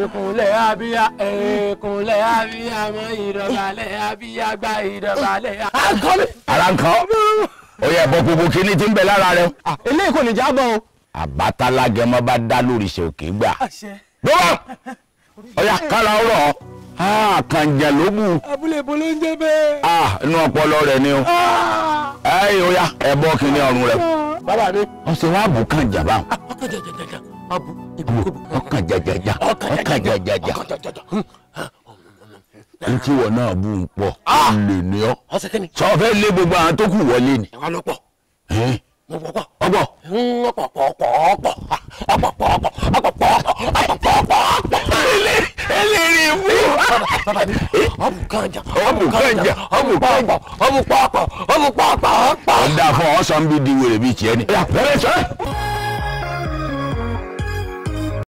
ìkúnlẹ̀ abíyá ìkúnlẹ̀ abíyá mọ ìdọ̀bálẹ̀ abíyá gba ìdọ̀bálẹ̀. ara nǹkan ó yẹ bọ gbogbo kíní tí ń bẹ lára rẹ. eléyìí kò ní já bọ o. àbátalágẹmọ bá dá lórí ṣe òkè gbà. gbọ́dọ̀ ọ̀yà kára ọ̀rọ̀ kànjà ló bù. abúlé bolo ń jẹ bẹ́ẹ̀. inú ọpọlọ rẹ ni o. ẹyìn ó ẹ bọ́ kíní ọrùn rẹ. bàbá mi. ọ̀sẹ̀ wa bù kànjà báwọn. Abu ọkàn jajaja ọkàn jajaja n tí wọn náà bú un pọ lè ní ọ sọ fẹ lé gbogbo àwọn tó kù wọlé ni. ọgbọ. eléyìí fún ọmukanja ọmukanja ọmukanja ọmupapa ọmupapa. ọ̀dà fún ọ̀sán bíi di wèrè bíi tiẹ̀ ni.